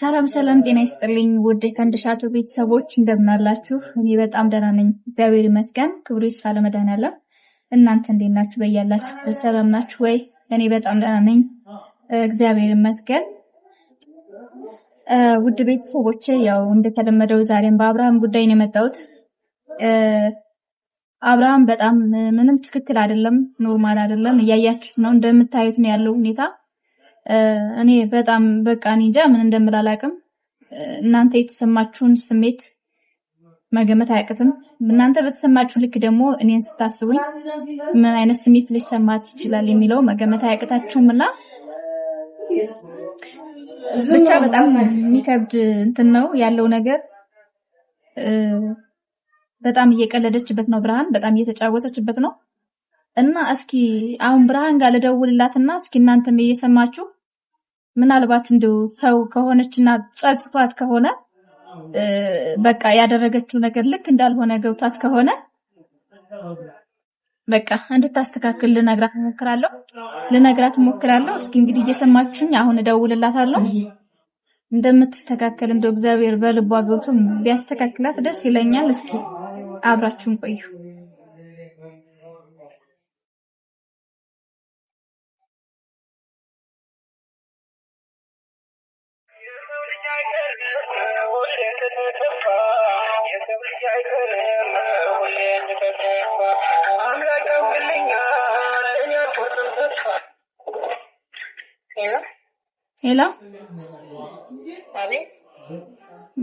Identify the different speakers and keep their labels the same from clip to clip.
Speaker 1: ሰላም ሰላም፣ ጤና ይስጥልኝ ውድ የፈንድሻቱ ቤተሰቦች እንደምናላችሁ። እኔ በጣም ደህና ነኝ፣ እግዚአብሔር ይመስገን። ክብሩ ይስፋ ለመድኃኒዓለም። እናንተ እንዴት ናችሁ? በያላችሁበት ሰላም ናችሁ ወይ? እኔ በጣም ደህና ነኝ፣ እግዚአብሔር ይመስገን። ውድ ቤተሰቦች ያው እንደተለመደው ዛሬም በአብርሃም ጉዳይ ነው የመጣሁት። አብርሃም በጣም ምንም ትክክል አይደለም፣ ኖርማል አይደለም። እያያችሁት ነው፣ እንደምታዩት ነው ያለው ሁኔታ እኔ በጣም በቃ እኔ እንጃ ምን እንደምላላቅም እናንተ የተሰማችሁን ስሜት መገመት አያቅትም። እናንተ በተሰማችሁ ልክ ደግሞ እኔን ስታስቡኝ ምን አይነት ስሜት ሊሰማት ይችላል የሚለው መገመት አያቅታችሁም እና ብቻ በጣም የሚከብድ እንትን ነው ያለው ነገር። በጣም እየቀለደችበት ነው ብርሃን፣ በጣም እየተጫወተችበት ነው እና እስኪ አሁን ብርሃን ጋር ልደውልላትና እስኪ እናንተም እየሰማችሁ ምናልባት እንዲሁ ሰው ከሆነችና ጸጽቷት ከሆነ በቃ ያደረገችው ነገር ልክ እንዳልሆነ ገብቷት ከሆነ በቃ እንድታስተካክል ልነግራት እሞክራለሁ ልነግራት እሞክራለሁ። እስኪ እንግዲህ እየሰማችሁኝ አሁን እደውልላታለሁ። እንደምትስተካከል እንደው እግዚአብሔር በልቧ ገብቶ ቢያስተካክላት ደስ ይለኛል። እስኪ አብራችሁን ቆዩ። ሄሎ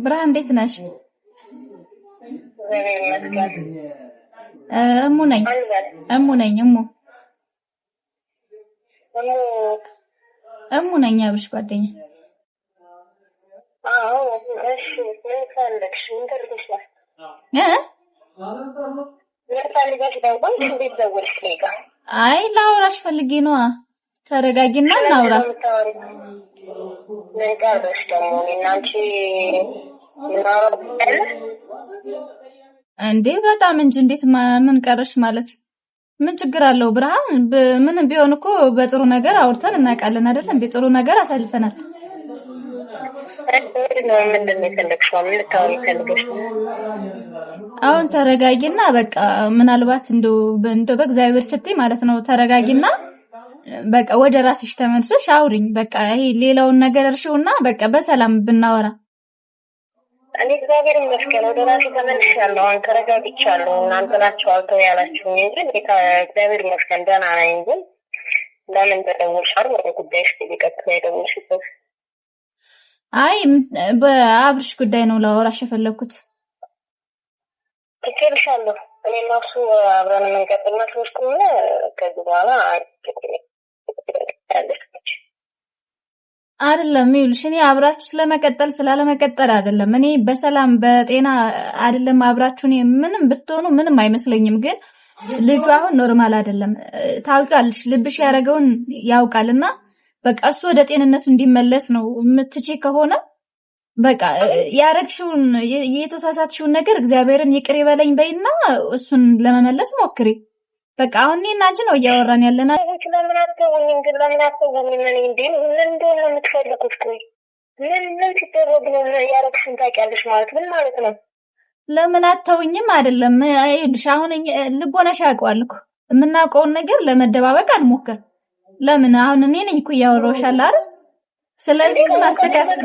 Speaker 1: ብርሃን እንዴት ነሽ? እሙ
Speaker 2: ነኝ እሙ
Speaker 1: ነኝ እሙ እሙ ነኝ አብርሽ ጓደኛ አይ ላውራሽ ፈልጌ ነዋ። ተረጋጊና እንዴ በጣም እንጂ እንዴት ምን ቀረሽ ማለት ምን ችግር አለው? ብርሃን ምንም ቢሆን እኮ በጥሩ ነገር አውርተን እናውቃለን አይደል? እንዴ ጥሩ ነገር
Speaker 2: አሳልፈናል። ምንድን ነው የፈለግሽው? ምን ልታወሪ ፈልገሽ?
Speaker 1: አሁን ተረጋጊና በቃ ምናልባት እንደው እንደው በእግዚአብሔር ስትይ ማለት ነው ተረጋጊና በቃ ወደ ራስሽ ተመልሰሽ አውሪኝ። በቃ ይሄ ሌላውን ነገር እርሽውና በቃ በሰላም
Speaker 2: ብናወራ። እኔ እግዚአብሔር ይመስገን ወደ ራሴ ተመልሻለሁ። አሁን ተረጋግቻለሁ። እናንተ ናችሁ አልተው ያላችሁኝ እንጂ እግዚአብሔር ይመስገን ደህና ነኝ። ግን ለምን ተደወልሽ? ወደ ጉዳይሽ ቀጥታ የደወልሽበት?
Speaker 1: አይ በአብርሽ ጉዳይ ነው
Speaker 2: ላወራሽ የፈለግኩት። ትኬልሻለሁ እኔ አብረን የምንቀጥል ከሆነ ከዚህ
Speaker 1: በኋላ አይደለም ይኸውልሽ፣ እኔ አብራችሁ ስለመቀጠል ስላለመቀጠል አይደለም። እኔ በሰላም በጤና አይደለም አብራችሁ እኔ ምንም ብትሆኑ ምንም አይመስለኝም። ግን ልጁ አሁን ኖርማል አይደለም። ታውቂዋለሽ፣ ልብሽ ያደረገውን ያውቃልና በቃ እሱ ወደ ጤንነቱ እንዲመለስ ነው የምትቼ ከሆነ በቃ ያረግሽውን የተሳሳትሽውን ነገር እግዚአብሔርን ይቅር ይበለኝ በይና እሱን ለመመለስ ሞክሪ። በቃ አሁን እኔ እና አንቺ ነው እያወራን ያለና ለምን አተውኝም አይደለም ይኸውልሽ፣ አሁን ልቦናሽ ያውቀዋል እኮ የምናውቀውን ነገር ለመደባበቅ አልሞክር። ለምን አሁን እኔ ነኝ እኮ እያወራሁሽ አይደል ስለዚህ
Speaker 2: ማስተካከል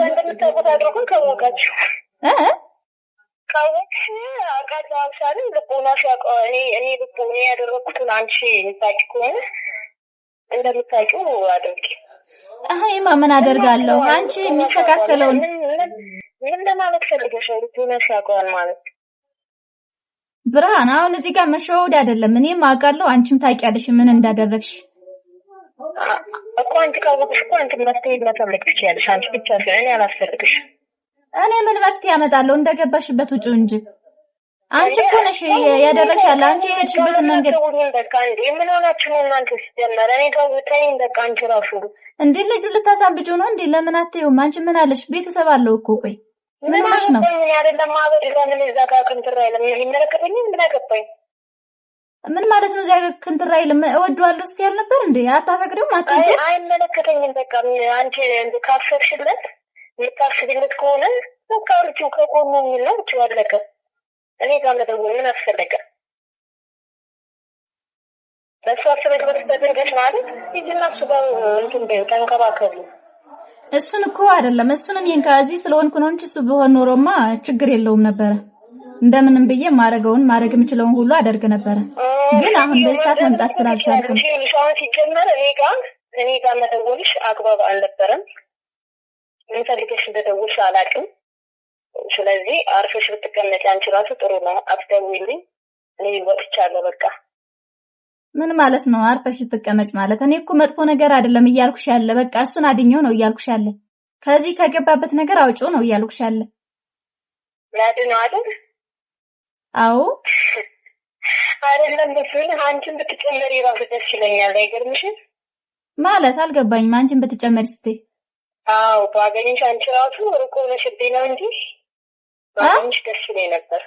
Speaker 2: ካወቅሽ አውቃት ለምሳሌ ልቦናሽ እኔ እኔ ያደረግኩትን አንቺ የምታውቂ ከሆነ እንደምታውቂው
Speaker 1: አድርጊ። ምን አደርጋለሁ? አንቺ የሚስተካከለውን ለማለት ፈልገሽ? ልቦናሽ ያውቀዋል ማለት ብርሃን፣ አሁን እዚህ ጋር መሸወድ አይደለም። እኔም አውቃለሁ፣ አንቺም ታውቂያለሽ ምን እንዳደረግሽ እኮ አንቺ ካወቅሽ እኮ አንቺ መፍትሄ መፈለግ ትችያለሽ። አንቺ ብቻ ሲሆን እኔ አላስፈልግሽ። እኔ ምን መፍትሄ ያመጣለሁ? እንደገባሽበት ውጪው እንጂ አንቺ እኮ ነሽ ያደረግሽ ያለ አንቺ የሄድሽበትን መንገድ ምን ሆናችሁ ነው እናንተ? ሲጀመር እኔ ጋር በቃ አንቺ ራሱ እንዴ ልጁ ልታሳብጪው ነው እንዴ? ለምን አትይውም? አንቺ ምን አለሽ? ቤተሰብ አለው እኮ ቆይ ምን ሆነሽ ነው? ምን አይደለም ማበድ ጋር ምን ይዛካ ከንትራ የሚመለከተኝ ምን አገባኝ ምን ማለት ነው? እዚያ ክንትራ ይልም እወደዋለሁ እስቲ ያልነበር እንዴ? አታፈቅደውም? አትንጭ አይመለከተኝም። በቃ አንቺ ካሰብሽለት የታስብለት ከሆነ በቃ ልጁ ከቆሙ የሚለው እጅ አለቀ። እኔ ጋር መደወል ምን አስፈለገ? በእሱ አስበሽ በተጠንቀሽ ማለት ይዝና እሱ ጋር እንትን ተንከባከቡ። እሱን እኮ አይደለም እሱን እኔን እዚህ ስለሆንኩ ነው እንጂ እሱ በሆን ኖሮማ ችግር የለውም ነበረ። እንደምንም ብዬ ማድረገውን ማድረግ የምችለውን ሁሉ አደርግ ነበረ። ግን አሁን በዚህ ሰዓት መምጣት ስላልቻልኩም ሲጀመር እኔ ጋ እኔ ጋ መደወልሽ አግባብ አልነበረም። ምን ፈልገሽ እንደደወልሽ አላውቅም። ስለዚህ አርፈሽ ብትቀመጪ አንቺ ራሱ ጥሩ ነው። አትደውይልኝ፣ እኔ ወጥቻለሁ በቃ ምን ማለት ነው? አርፈሽ ትቀመጭ ማለት እኔ እኮ መጥፎ ነገር አይደለም እያልኩሽ ያለ በቃ እሱን አድኘው ነው እያልኩሽ ያለ ከዚህ ከገባበት ነገር አውጪው ነው እያልኩሽ ያለ ያድነው አይደል አዎ አይደለም ብትሆን አንቺን ብትጨመሪ ራሱ ደስ ይለኛል። አይገርምሽም? ማለት አልገባኝም። አንቺን ብትጨመሪ ስትይ? አዎ ባገኝሽ አንቺ ራሱ ሩቅ ሆነሽብኝ ነው እንጂ ባገኝሽ ደስ ይለኝ ነበር።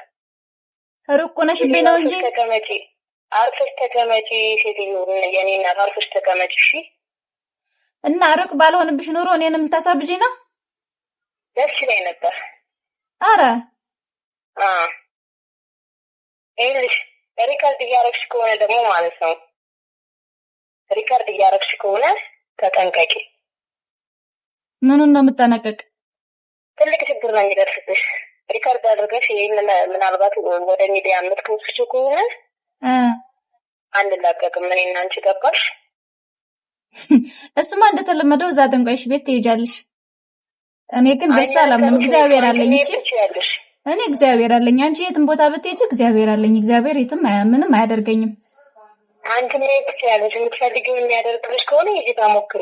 Speaker 1: ሩቅ ሆነሽብኝ ነው እንጂ ተቀመጪ፣ አርፈሽ ተቀመጪ። ሴትዮ የኔና አርፈሽ ተቀመጪ። እሺ። እና ሩቅ ባልሆንብሽ ኑሮ እኔንም ልታሳብጂኝ ነው? ደስ ይለኝ ነበር። አረ ይኸውልሽ ሪከርድ እያደረግሽ ከሆነ ደግሞ ማለት ነው ሪከርድ እያደረግሽ ከሆነ ተጠንቀቂ። ምኑን ነው የምጠነቀቅ? ትልቅ ችግር ነው የሚደርስብሽ። ሪከርድ አድርገሽ ይህን ምናልባት ወደ ሚዲያ የምትከውስችው ከሆነ አንላቀቅም። እኔ እና አንቺ ገባሽ? እሱማ እንደተለመደው እዛ ጠንቋይሽ ቤት ትሄጃለሽ። እኔ ግን በሳላም አላምንም። እግዚአብሔር አለኝ። እሺ እኔ እግዚአብሔር አለኝ። አንቺ የትም ቦታ ብትሄጂ እግዚአብሔር አለኝ። እግዚአብሔር የትም ምንም አያደርገኝም። አንቺ መሄድ ትችላለሽ። የምትፈልጊው የሚያደርግልሽ ከሆነ የዚህ ታሞክሩ።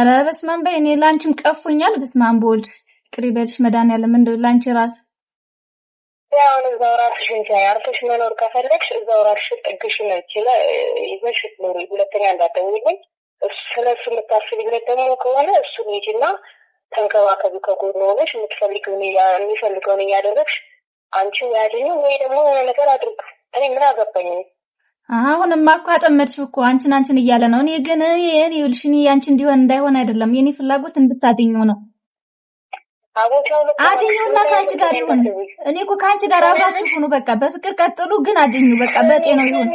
Speaker 1: ኧረ በስመ አብ በይ። እኔ ለአንቺም ቀፎኛል። በስመ አብ በወልድ ይቅር ይበልሽ መድኃኒዓለም። እንደው ለአንቺ ራሱ አሁን እዛው ራስሽን ቻይ። አርፈሽ መኖር ከፈለግሽ እዛው ራስሽ ጥግሽን ችለ ይዘሽ ኑሪ። ሁለተኛ እንዳትደውይልኝ። እሱ የምታስቢለት ደግሞ ከሆነ እሱን ሂጂና ተንከባከቢ ከጎኑ ሆነሽ የምትፈልገውን የሚፈልገውን እያደረግሽ አንቺ ያድኙ ወይ ደግሞ የሆነ ነገር አድርግ። እኔ ምን አገባኝ? አሁንማ እኮ አጠመድሽው እኮ አንቺን አንቺን እያለ ነው። እኔ ግን ይህን እኔ አንቺ እንዲሆን እንዳይሆን አይደለም የኔ ፍላጎት እንድታድኙ ነው። አድኙና ከአንቺ ጋር ይሁን። እኔ እኮ ከአንቺ ጋር አብራችሁ ሁኑ። በቃ በፍቅር ቀጥሉ፣ ግን አድኙ። በቃ በጤናው ይሁን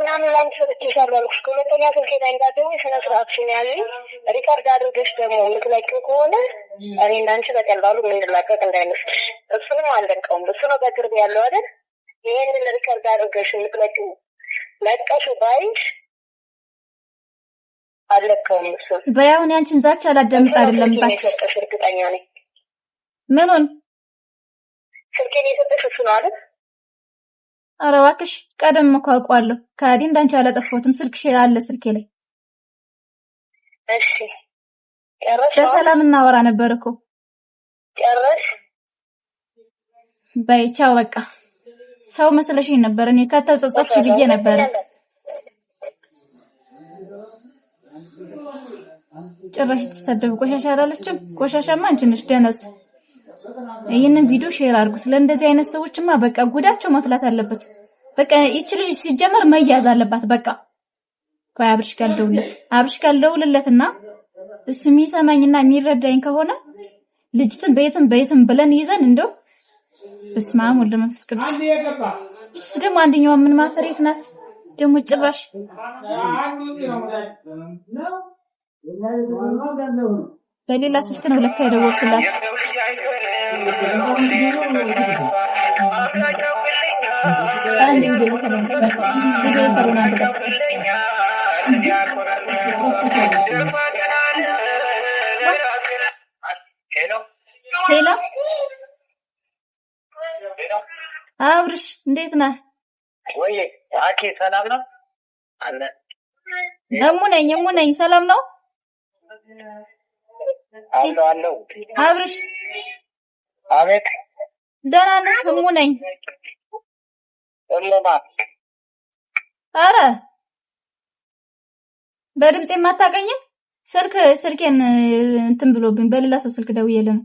Speaker 1: ምናምን ላንድ ሰጥቼሻለሁ አልኩሽ። ከሁለተኛ ስልኬ ላይ እንዳትደውይ ስነ ስርዓት ሽን ያለኝ ሪካርድ አድርገሽ ደግሞ የምትለቂው ከሆነ እኔ እንዳንቺ በቀላሉ የምንላቀቅ እንዳይመስልሽ። እሱንም አልለቀውም። እሱ ነው በቅርብ ያለው አይደል? ይሄንን ሪካርድ አድርገሽ የምትለቂው ለቀሽ ባይሽ አለቀውም እሱ በያሁን ያንቺን ዛቻ አላደምጥ አይደለም ባች እርግጠኛ ነኝ። ምኑን ስልኬን የሰጠሽ እሱ ነው አይደል? ኧረ እባክሽ ቀደም እኮ አውቀዋለሁ። ከአዲ እንዳንቺ አላጠፋሁትም። ስልክሽ አለ ስልኬ ላይ። እሺ ጨረሽ? በሰላም እናወራ ነበር እኮ ጨረሽ? በይ ቻው በቃ። ሰው መስለሽ ነበር። እኔ ከተጸጸትሽ ብዬ ነበር። ጭራሽ የተሰደብ ቆሻሻ አላለችም። ቆሻሻማ አንቺ ነሽ ደነስ ይህንን ቪዲዮ ሼር አድርጉ። አድርጉት። እንደዚህ አይነት ሰዎችማ በቃ ጉዳቸው መፍላት አለበት። በቃ ይቺ ልጅ ሲጀመር መያዝ አለባት። በቃ ቆይ አብርሽ ጋር ልደውልለት፣ አብርሽ ጋር ልደውልለትና እሱ የሚሰማኝና የሚረዳኝ ከሆነ ልጅቱን በየትም በየትም ብለን ይዘን እንደው በስመ አብ ወልድ መንፈስ ቅዱስ። እሱ ደግሞ አንደኛዋ ምን ማፈሬት ናት ደግሞ ጭራሽ በሌላ ስልክ ነው ለካ የደወልኩላት። ሄሎ አብርሽ እንዴት ነህ? ወይ አኬ ሰላም ነው? አለ እሙ ነኝ እሙ ነኝ። ሰላም ነው አለው አለው አብርሽ አቤት ደህና ነህ? ህሙ ነኝ። እምማ አረ በድምጽ የማታገኝም? ስልክ ስልኬን እንትን ብሎብኝ በሌላ ሰው ስልክ ደውዬልህ ነው።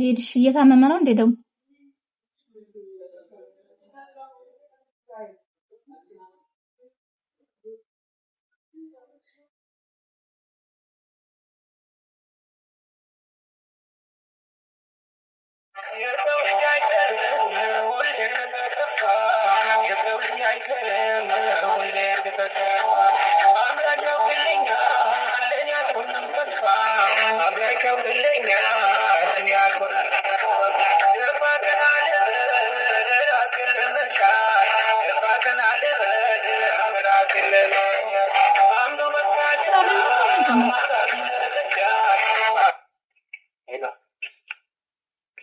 Speaker 1: ሄድሽ እየታመመ ነው እንዴ ደግሞ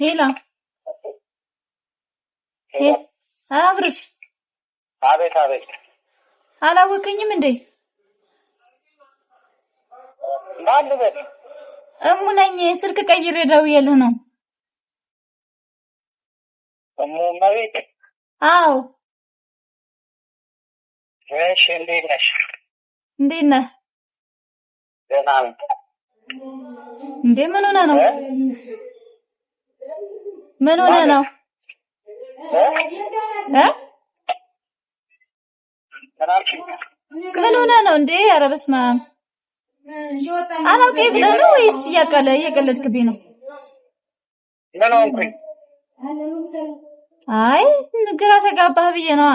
Speaker 1: ሄላ አብርሽ፣ አቤት አቤት። አላወቀኝም እንዴ? ማን ልበል? እሙ ነኝ። ስልክ ቀይሬ ደውዬልህ ነው። እሙ መቤት? አዎ። እሺ፣ እንዴት ነሽ? እንዴት ነህ? ደህና ነኝ። እንዴ ምን ሆነህ ነው? ምን ሆነ ነው? ምን ሆነ ነው እንዴ? ኧረ በስመ አብ አላውቅም ብለህ ነው ወይስ እያቀለድክብኝ ነው? አይ ንግራ ተጋባህ ብዬ ነዋ።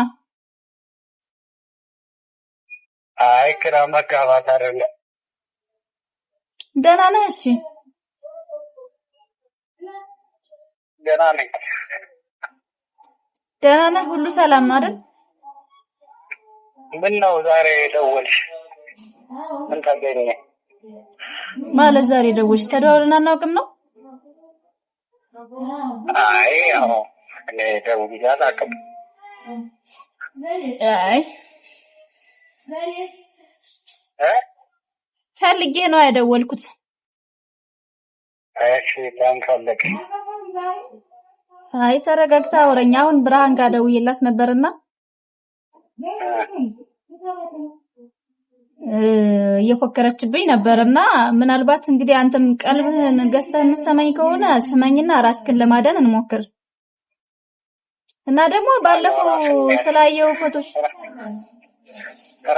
Speaker 1: አይ ግራ መጋባት አይደለም። ደህና ነህ? እሺ ደህና ነኝ። ደህና ነህ? ሁሉ ሰላም ነው አይደል? ምን ነው ዛሬ ደወልሽ? ምን ታገኘ ማለት ዛሬ ደወልሽ? ተደዋውለን አናውቅም ነው? አይ ያው እኔ ደውዬ አላውቅም። አይ ፈልጌ ነው ያደወልኩት። እሺ ለምን ፈለግሽ? አይ ተረጋግታ አውረኝ። አሁን ብርሃን ጋር ደውዬላት ነበርና እየፎከረችብኝ ነበርና ምናልባት እንግዲህ አንተም ቀልብህን ገዝተህ የምትሰማኝ ከሆነ ስመኝና ራስክን ለማዳን እንሞክር እና ደግሞ ባለፈው ስላየው ፎቶች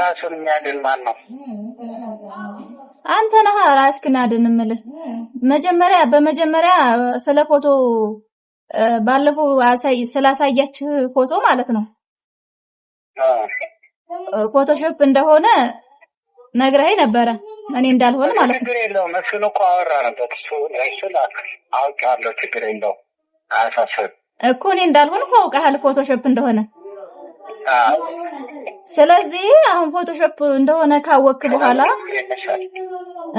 Speaker 1: ራሱን የሚያድን ማን ነው? አንተ ነህ ራስህን አድን እምልህ። መጀመሪያ በመጀመሪያ ስለ ፎቶ ባለፈው ስላሳያች ፎቶ ማለት ነው ፎቶሾፕ እንደሆነ ነግረኸኝ ነበረ። እኔ እንዳልሆነ ማለት ነው። ችግር የለውም እሱን እኮ አወራንበት። እሱን አውቄዋለሁ። ችግር የለውም አያሳስብም እኮ እኔ እንዳልሆነ እኮ አውቀሃል ፎቶሾፕ እንደሆነ ስለዚህ አሁን ፎቶሾፕ እንደሆነ ካወቅክ በኋላ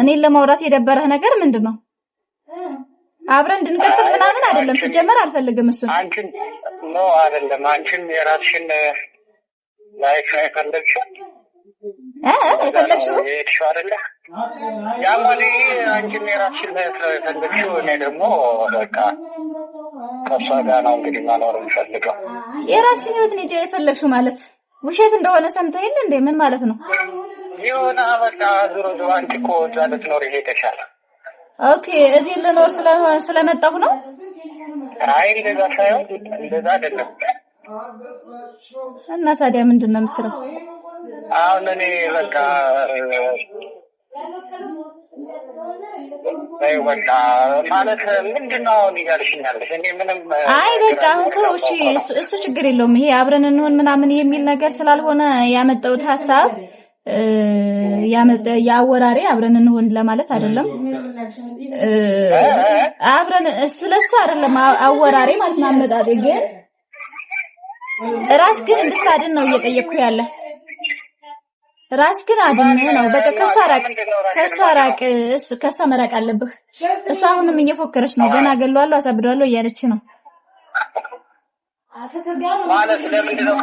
Speaker 1: እኔን ለማውራት የደበረህ ነገር ምንድን ነው? አብረን እንድንቀጥል ምናምን አይደለም። ሲጀመር አልፈልግም። እሱን አንቺን ነው አይደለም። አንቺን የራስሽን ላይፍ ነው የፈለግሽው እ የፈለግሽው የሄድሽው አይደለ? ያ ማለት አንቺን የራስሽን ላይፍ ነው የፈለግሽው። እኔ ደግሞ በቃ ከእሷ ጋር ነው እንግዲህ ማኖር የምፈልገው። የራስሽን ህይወት ነው የፈለግሽው ማለት ውሸት እንደሆነ ሰምተህ የለ እንዴ? ምን ማለት ነው? የሆነ በቃ ዞሮ ዞሮ አንቺ እኮ እዛ ልትኖር ሄደሻል። ኦኬ፣ እዚህ ልኖር ስለመጣሁ ነው። አይ እንደዛ ሳይሆን እንደዛ አይደለም። እና ታዲያ ምንድን ነው የምትለው አሁን? እኔ በቃ በቃ ማለት ምንድን ነው አሁን እኔ ምንም አይ በቃ እህቶ፣ እሺ እሱ እሱ ችግር የለውም ይሄ አብረን እንሆን ምናምን የሚል ነገር ስላልሆነ ያመጣሁት ሀሳብ የአወራሬ አብረን እንሆን ለማለት አይደለም። አብረን ስለሱ አይደለም አወራሪ ማለት ነው። አመጣጤ ግን ራስ ግን እንድታድን ነው እየጠየቅኩ ያለ ራስ ግን አድን ነው። በቃ ከሷ ራቅ፣ ከሷ ራቅ። እሱ ከሷ መራቅ አለብህ። እሷ አሁንም እየፎከረች ነው። ገና ገለዋለሁ፣ አሳብደዋለሁ እያለች ነው። ማለት ለምንድን ነው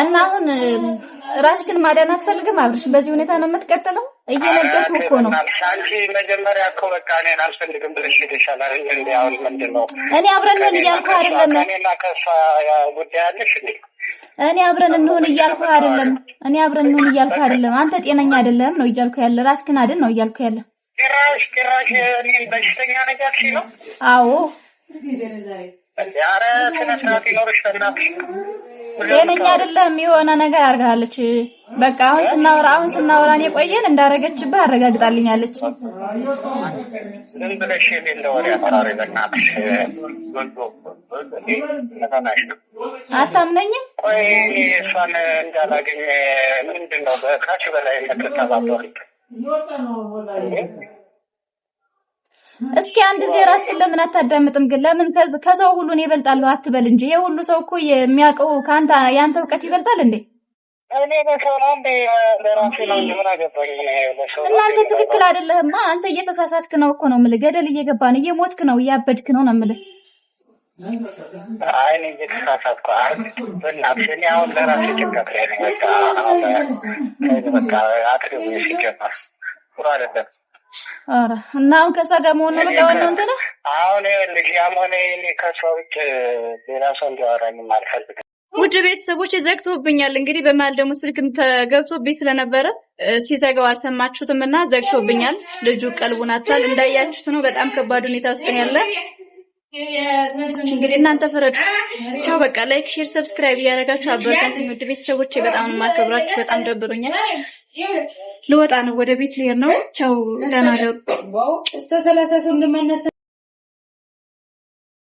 Speaker 1: እና አሁን ራስህን ማዳን አትፈልግም አብርሽ? በዚህ ሁኔታ ነው የምትቀጥለው? እየለቀኩ እኮ ነው። አንቺ መጀመሪያ እኮ በቃ እኔን አልፈልግም ብለሽ ይሻላል። እንዲ አሁን ምንድን ነው እኔ አብረን ምን እያልኩ አይደለም። እኔና ከሷ ጉዳይ አለሽ እንዴ? እኔ አብረን እንሆን እያልኩ አይደለም። እኔ አብረን እንሆን እያልኩ አይደለም። አንተ ጤነኛ አይደለም ነው እያልኩ ያለ። ራስክን አድን ነው እያልኩ ያለ። ጭራሽ ጭራሽ እኔን በሽተኛ ነገር ሲ ነው። አዎ ኧረ ስነ ስርዓት ይኖርሽ በእናትሽ ጤነኛ አይደለም። የሆነ ነገር አድርጋለች። በቃ አሁን ስናወራ አሁን ስናወራን ቆየን እንዳረገችብህ አረጋግጣልኛለች። አታምነኝም? ቆይ እሷን ምንድን ነው ከአንቺ በላይ እስኪ አንድ ጊዜ ራስህን ለምን አታዳምጥም? ግን ለምን ከሰው ሁሉ እኔ እበልጣለሁ አትበል እንጂ ይሄ ሁሉ ሰው እኮ የሚያውቀው ከአንተ የአንተ እውቀት ይበልጣል እንዴ? እናንተ ትክክል አይደለህማ። አንተ እየተሳሳትክ ነው እኮ ነው የምልህ። ገደል እየገባን እየሞትክ ነው እያበድክ ነው ነው የምልህ። አይ እየተሳሳትኩ በእናትሽ እኔ አሁን ለራሴ ጭንቀት ላይ ነኝ። በቃ በቃ አቅርቡ ሲጀመር ጥሩ አይደለም። ኧረ እና አሁን ከእሷ ጋር መሆን ነው በቃ ዋናው እንትን አሁን ይኸውልሽ፣ ያም ሆነ እኔ ከእሷ ውጭ ሌላ ሰው እንዲያወራኝም አልፈልግም። ውድ ቤተሰቦች ዘግቶብኛል። እንግዲህ በመሀል ደግሞ ስልክም ተገብቶብኝ ስለነበረ ሲዘጋው አልሰማችሁትም እና ዘግቶብኛል። ልጁ ቀልቡን አጥቷል። እንዳያችሁት ነው። በጣም ከባድ ሁኔታ ውስጥ ነው ያለ። እንግዲህ እናንተ ፍረዱ። ቻው በቃ ላይክ፣ ሼር፣ ሰብስክራይብ እያደረጋችሁ አበረታችሁ። ውድ ቤተሰቦቼ በጣም ማከብራችሁ በጣም ደብሮኛል። ልወጣ ነው። ወደ ቤት ልሄድ ነው። ቸው ለማለት እስከ ሰላሳ ሰው